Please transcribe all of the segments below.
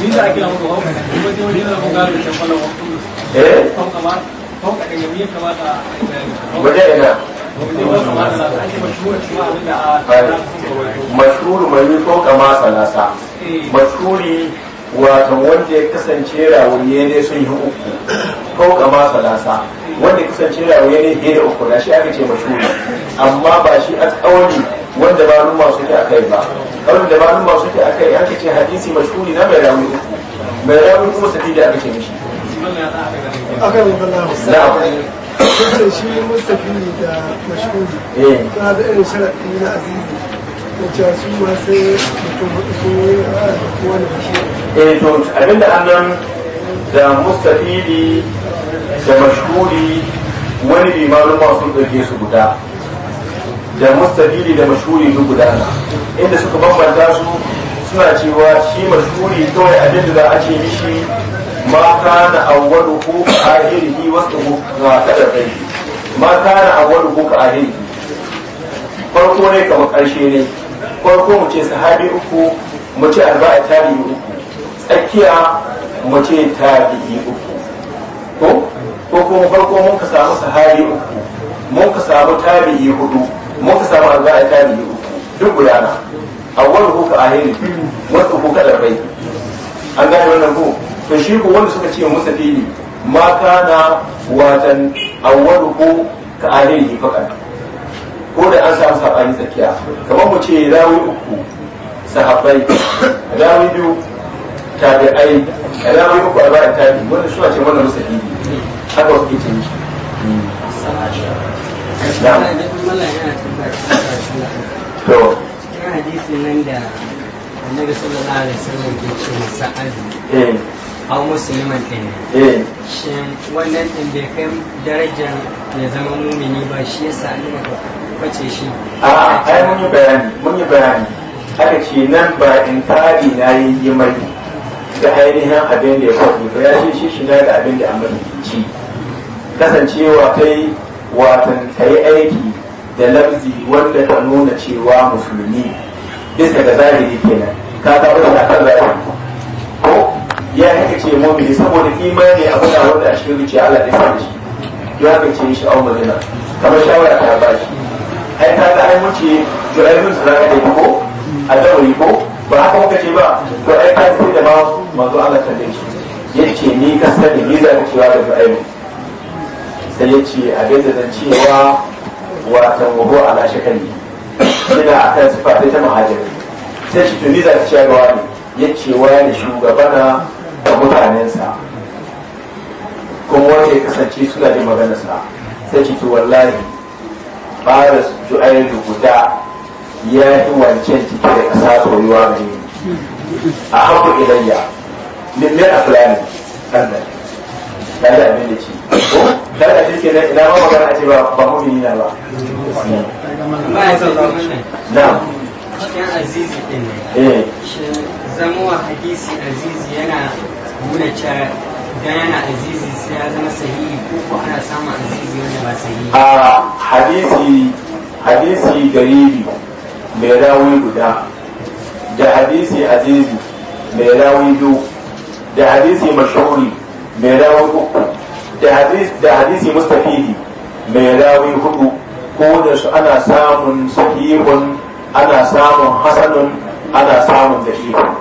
Eh? Mashuru mai yi fauka ma salasa eh. Mashuri wato wanda ya kasance rawuye ne sun yi uku fauka ma salasa eh. wanda ya kasance rawuye ne biyu da uku na shi aka ce mashuri. amma ba shi a tsawoni wanda ba nun masu ke akai ba kawai da ba nun masu ke akai an ce hadisi mashhuri na mai rawi mai rawi kuma sadidi aka ce mishi akai ne ballahu na'am shi mustafi da mashhuri ta eh. da irin sharadi na azizi wacce su ma mutum hudu sun ah, wani bishi eh to abinda annan da mustafidi da mashhuri wani limanin masu ɗauke su guda da mustabili da mashuri duk gudana inda suka bambanta su suna cewa shi mashuri kawai abin da za a ce mishi mata kana awwalu ko ahirihi wasu ga kada kai ma kana ko ka ahirihi farko ne kamar karshe ne farko mu ce sahabi uku mu ce arba'a tabi'i uku tsakiya mu ce tabi'i uku ko ko kuma farko mun ka samu sahabi uku mun ka samu tabi'i hudu mun ka samu an za a tari uku duk gudana wani huka ahiri wasu huka labai an gane wannan ko to shi ko wanda suka ce musa fili mata na watan a ko ka ahiri fakar ko da an samu sabani tsakiya kamar mu ce rawi uku sahabbai rawi biyu tabi'ai rawi uku a bayan tabi wanda suna ce wannan musa fili haka wasu ke ce na'am to hadisi eh. eh. nan da annabi sallallahu alaihi wasallam ke ce masa azumi aw musliman din shin wannan din bai kai darajar ya zama mumini ba shi yasa annabi ka kwace shi a ai mun yi bayani mun yi bayani haka ce nan ba in tari na yi mai da ainihin abin da ya faɗi ba ya ce shi shi na da abin da amma kasancewa kai watan ta yi aiki da lamzi wanda ta nuna cewa musulmi bisa ga zahiri kenan ka ta wani na kan zahiri ko ya haka ce mumini saboda ne abu na wanda a cikin zuciya Allah ya sani shi ya haka ce shi an madina kamar shawara ta ba shi ai ta ga ai muce su zaka dai ko a dauri ko ba haka kuka ce ba to ai ka sai da ba masu Allah ta dai shi ce ni ka sani ni za ka cewa da aibu sai ya ce abin da zan cewa watan wahu ala shakali ina akan sifa ta mahajiri sai shi tuni za ta ce ga wani ya ce ne shugabana da mutanensa kuma wanda ya kasance suna jin maganarsa sai ce wallahi baras ju'ayyu guda ya yi wancan ciki da kasa soyuwa ne a haku ilayya min min aflani sannan tare da abin da ci tare da shirke na ina ba magana a ce ba ba mumini na ba na cikin azizi din ne eh. zamuwa hadisi azizi yana nuna cewa dan yana azizi sai ya zama sahihi ko ana samun azizi wanda ba sahihi a hadisi hadisi garibi mai rawi guda da hadisi azizi mai rawi biyu da hadisi mashahuri mai rawi uku da hadisi mustafihi mai rawi hudu ko da su ana samun sahihun ana samun hasanun ana samun dahihun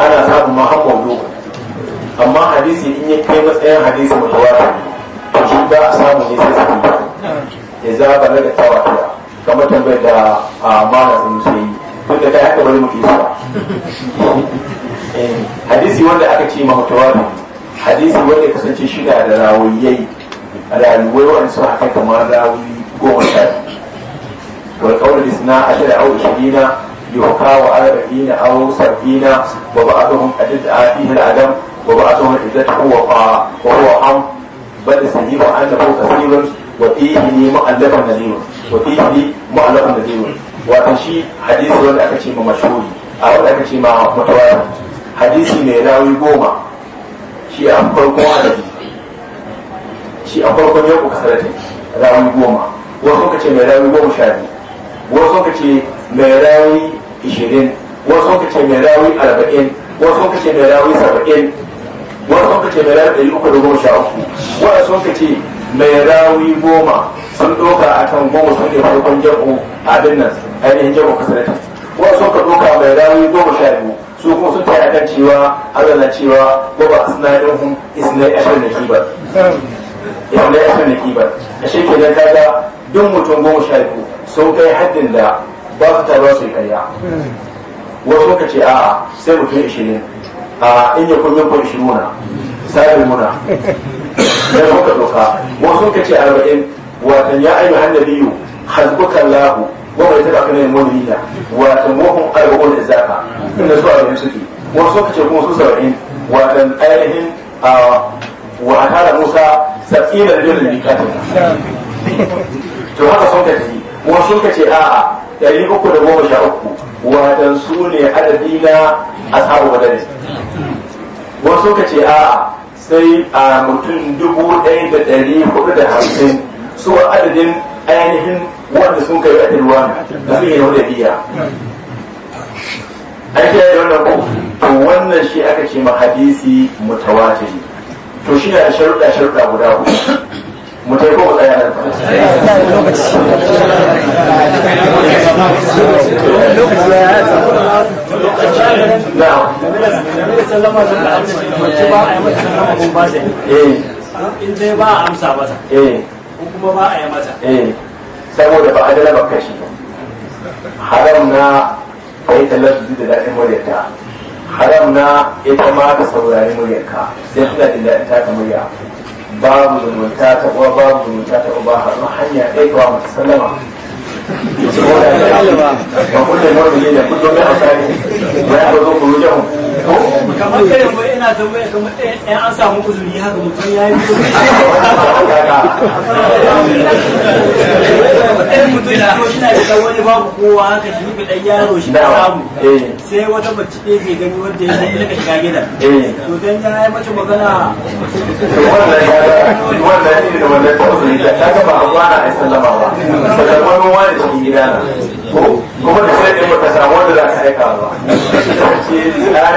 ana samun mahammadu amma hadisi in ya kai matsayin hadisi mutawatir to shi ba a samu ne sai sahihi ya zaba daga tawatir kamar tambayar da amana sun yi. duk da kai haka bari mu isa eh, hadisi wanda aka ce mahutawatir hadisi wanda kasance shida da rawayyai rayuwai wani suka haka kamar rawayi goma sha wal qawl isna ashara aw ishirina yuqa wa arba'ina aw sab'ina wa ba'dhum adad afihi al-adam wa ba'dhum izzatu wa wa huwa am bal sahihu annahu kaseerun wa fihi mu'allafun nadirun wa fihi mu'allafun nadirun wato shi hadisi wanda aka ce ma mashhuri a wanda aka ce ma mutawatir hadisi mai rawi goma shi a farko adadi shi a farko ne ku kasarata rawi goma wasu ka ce mai rawi goma sha biyu wasu ka ce mai rawi ishirin wasu ka ce mai rawi arba'in wasu ka ce mai rawi saba'in wasu ka ce mai rawi ɗari uku da goma sha uku wasu ka ce mai rawi goma sun ɗauka a kan goma sun ke farkon jabo abin nan ainihin jam'u kasarata wasu ka ɗauka mai rawi goma sha biyu su ko sun tare kan cewa Allah na cewa ko ba asnadun isnai ashar na kibar isnai ashar na kibar a shi kenan kaga duk mutum goma sha biyu sun kai haddin da ba su taruwa su kariya karya wasu ka ce a'a sai mutum ishirin a in ya kun yankun muna sabi muna da muka doka wasu ka ce arba'in watan ya ayyuhan nabiyyu hasbuka lahu wanda zai baka ne mu'mini na wato wahum da zafa inda su arba'in suke wasu suka ce kuma su saba'in wato ainihin a wata da musa sab'ina rajulun bi katin to haka sun kaji wasu suka ce a'a dari uku da goma sha uku wato su ne adadi na ashabu badar wasu suka ce a'a sai a mutum dubu ɗaya da ɗari hudu da hamsin su adadin ainihin wanda sun kai a ruwan da su yi nuna biya ake yi da wannan ko to wannan shi aka ce ma hadisi mutawatir to shi na sharuɗa sharuɗa guda uku mu tai ko tsaya nan lokaci eh. ba a amsa mata eh. ko kuma ba a yi mata eh. saboda ba a da labar kashi haram na ka yi tallar su da daɗin muryarta haram na ita ma ka saurari muryarka sai suna da daɗin ta murya babu zumunta ta uwa babu zumunta ta uba har ma hanya ɗaya ba mu sallama ba kullum wani ne da kullum ya hasari ba ya zo kuru rujahun kamar irin mai ina tambaya kamar ɗan an samu uzuri haka mutum ya yi mutum da ko shi na wani babu kowa haka shi bi ɗan yaro shi na samu sai wata mace ɗaya ke gani wanda ya san ilaka shiga gida to dan ya yi mace magana wannan ya wannan ne da wannan tausayi da ta gaba an kwana a sallama ba da wani wani cikin gida na ko kuma da sai ɗaya ba ta samu wanda za ka aika ba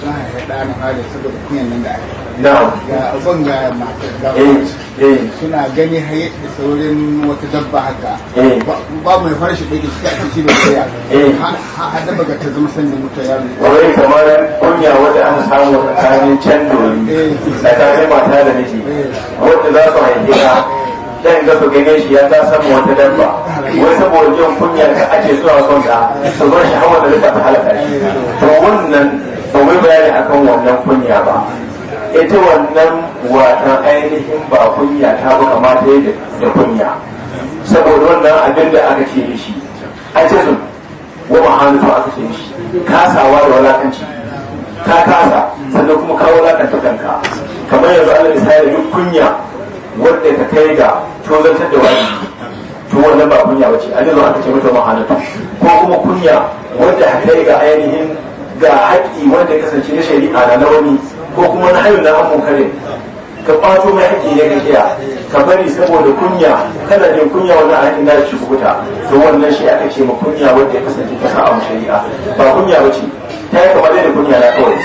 sun haifa da na hali saboda kunyan nan da aka ga abin ga matar eh, eh. suna gani haye da saurin wata dabba haka eh. ba mai farshi da ke cika a cikin da ya ha dabba ga ta zama sanya mutu ya mai wai kamar kunya wadda an samu tsakanin can domin tsakanin mata da miji wadda za su haife ta dan ga su gane shi ya ta samu wata dabba wai saboda jin kunya da ake zuwa son ta su bar shi hawa da rika ta halaka to wannan ba bayani akan wannan kunya ba ita wannan watan ainihin ba kunya ta ba kamata da kunya saboda wannan abin da aka ce shi a sun, wa mahanutu aka ce shi kasawa da walakanci ka kasa sannan kuma kawo walakanta kanka kamar yanzu Allah misali duk kunya wanda ta kai ga tozartar da wani to wannan ba kunya ce a jizun aka ce mata mahanutu ko kuma kunya wanda ta kai ga ainihin ga haƙƙi wanda ya kasance na shari'a na launi ko kuma na hayu na amon kare ka kwato mai haƙƙi ne ka kiya ka bari saboda kunya kana jin kunya wani a haƙƙin nashi kuta to wannan shi aka ce ma kunya wanda ya kasance ta sa'a mu shari'a ba kunya ba ce ta yi kamar da kunya na kawai